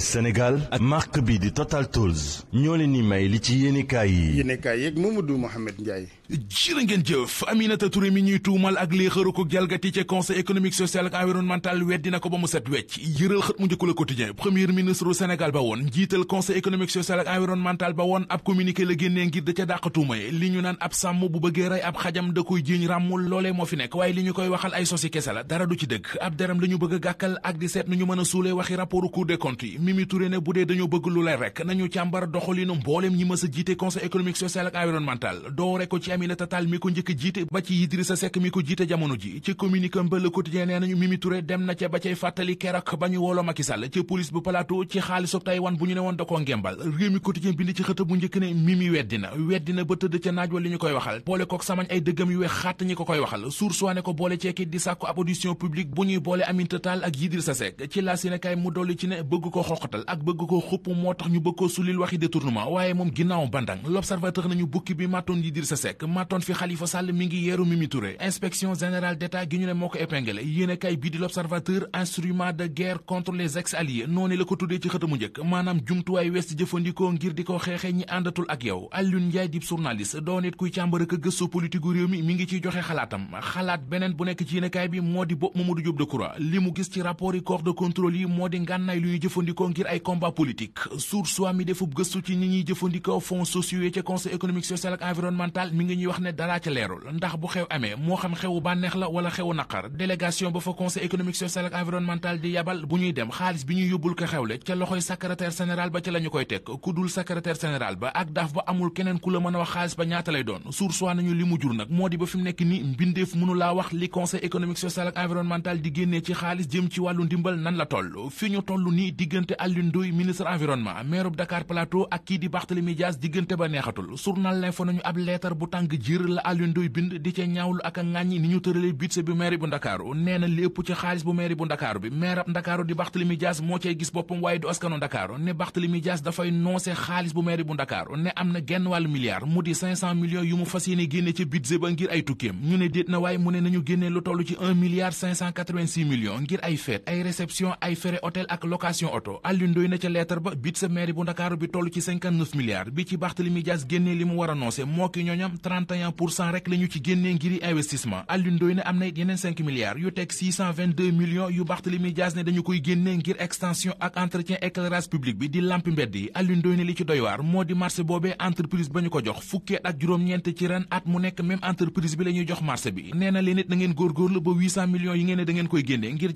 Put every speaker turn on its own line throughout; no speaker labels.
Sénégal ak marque bi di Total Tools ñoo leen may li ci yéenekaay yi yéenekaay yeeg Mamadou Mouhamed Ndiaye ngeen jëf Aminata Touré mi ñuy tuumal ak lii ko jalgati ca conseil économique social ak environnemental weddi na ko ba mu set wecc yëral xët mu njëkk la quotidien premier ministre u Sénégal ba woon njiital conseil économique social ak environnemental ba woon ab communiqué la génnee ngir da ca dàq tuuma li ñu naan ab sàmm bu bëggee rey ab xajam da koy jiiñ ràmmul loolee moo fi nekk waaye a gàkkal ak di seet nu ñu mën a suulee waxi rapportu yi Mimi Touré ne bu dee dañoo bëgg lu leer rek nañu càmbar doxalinu mboolem ñi mës a jiite conseil économique social ak environnemental doore ko ci Aminata Tall mi ko njëkk jiite ba ci Idrissa Seck mi ko jiite jamono ji ci communiqué ba Le Quotidien nee nañu Mimi Touré dem na ca ba cay fàttali keroog ba ñu wooloo Macky Sall ci bu plateau ci xaalisub Taïwan bu ñu ne woon da koo ngembal réew mi quotidien bind ci xëta bu njëkk ne Mimi weddi na ba tëdd ko xoqatal ak bëgg koo xupp moo tax ñu bëgg koo waxi détournement waaye moom ginnaaw bandang l'observateur nañu bukki bi màttoon Idrissa Seck màttoon fi Khalifa Sall mi ngi yeeru Mimi Touré inspection générale d'état gi ñu ne moo ko épinglé yéene kay di l'observateur instrument de guerre contre les ex alliés noonu la ko tuddee ci xëtamu njëkk maanaam jumtuwaay west jëfandikoo ngir di ko xeexee ñi àndatul ak yow Alioune Ndiaye dib journaliste doon jëfandikoo ngir ay combat politique source mi defub gëstu ci ñi ñuy jëfandikoo fonds sociaux environnemental mi ngi ñuy wax ne dara ca leerul ndax bu xew amee moo xam xewu bànneex la wala xew naqar délégation ba fa conseil économique social ak environnemental di yabal bu ñuy dem xaalis bi ñuy yóbbul ko xewle ca loxoy secrétaire général ba ca la ñu koy teg ku dul secrétaire général ba ak daaf ba amul keneen ku la mën a wax xaalis ba ñaata lay doon source nañu li mu jur nag moo di ba fi mu nekk ni mbindeef mënu laa li conseil économique social di génnee ci xaalis jëm ci wàllu ndimbal nan la toll diggante Alioune Ndoye ministre environnement maire bu Dakar ak kii di Barthélémy Dias diggante ba neexatul journal L'Info nañu ab leetar bu tàng jër la Alioune bind di ca ñaawlu ak a ŋàññi ni ñu tëralee budget bi maire bu Ndakaaru nee na lépp ci xaalis bu maire bu Ndakaaru bi maire Ndakaaru di Barthélémy Dias moo cay gis boppam waaye du askanu Ndakaaru ne Barthélémy Dias dafay noose xaalis bu maire bu Ndakaaru ne am na genn wàllu milliard mu di 500 yu mu fas yéene ñu ne lu toll ci 1 milliard 586 millions ngir ay fête ay réception ay frais hôtel ak Ndakaaru Alioune Ndoye na ca lettre ba bit sa mairie bu Ndakaaru bi toll ci milliards bi ci Barthélemy Dias génnee li mu war annoncé moo ki ñooñam 31 pour la ñu ci génnee ngir extension ak entretien éclairage public bi di lampi mbedd yi Alioune Ndoye ne li ci doy moo di marché boobee entreprise ba ñu ko jox fukkeet ak juróom-ñeent ci ren at mu nekk même entreprise bi la jox marché bi nee leen it na ngeen góorgóorlu ba millions yi ngeen ne da koy génnee ngir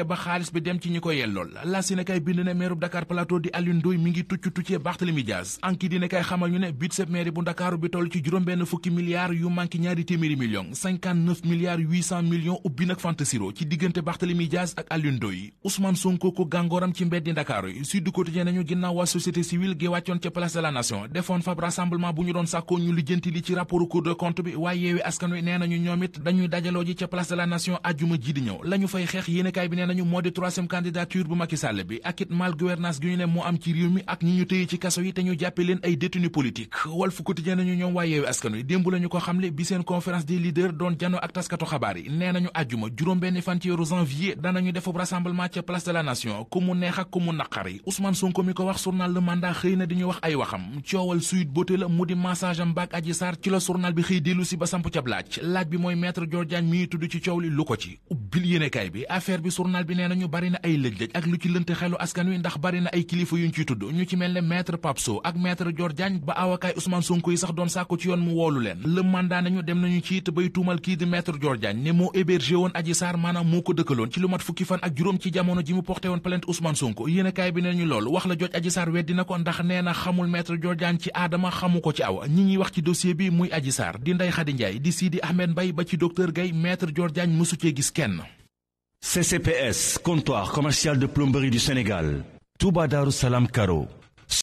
fexe ba xaalis bi dem ci ñi ko yellool la si bind na meerub Dakar Plateau di Alioune mi ngi tucc tuccee Barthélemy Dias anki dina xamal ñu ne budget mairie bu Ndakaaru bi toll ci juróom yu manqué ñaari téeméeri millions ubbi nag fantasiro ci diggante Barthélemy Dias ak Alioune Ndoye Ousmane gàngooram ci mbeddi Ndakaaru yi Sud Quotidien nañu ginnaaw waa société civile gi wàccoon ca place de la nation defoon fab rassemblement bu ñu doon nañu moo di troisième candidature bu Macky bi ak mal gouvernance gi ñu ne moo am ci réew mi ak ñi ñu tëye ci kaso yi te ñu jàppe leen ay détenus politiques Walf Quotidien nañu ñoom waa Yewwi Askan Wi démb lañu ko xamle bi seen conférence des leaders doon jano ak taskatu xabaar yi nee nañu àjjuma juróom-benn fan ci weeru janvier danañu defub rassemblement ca place de la nation ku mu neex ak ku mu naqari Ousmane Sonko mi ko wax journal Le Mandat xëy na journal bi nee na ñu bari na ay lëj-lëj ak lu ci lënte xelu askan wi ndax bari na ay kilifa yuñ ciy tudd ñu ci mel ne maître Pape Sow ak maître Dior Diagne ba awakaay Ousmane Sonko yi sax doon sàkku ci yoon mu woolu leen le dem nañu ci it bay tuumal kii di maître Dior Diagne ne moo woon Adji Sarr maanaam moo ko dëkkaloon ci lu mat fukki fan ak juróom ci jamono ji mu porté woon plainte Ousmane Sonko yéenekaay bi nee ñu loolu wax la jooj Adji Sarr na ko ndax nee na xamul maître Dior Diagne ci aadama xamu ko ci awa ñi ñuy wax ci dossier bi muy Adji Sarr di Ndeye Khady Ndiaye di Sidi Ahmed Mbaye ba ci docteur Gaye maître Dior Diagne mësu cee gis kenn CCPS comptoir commercial de plomberie du Sénégal Touba Darou Salam Karo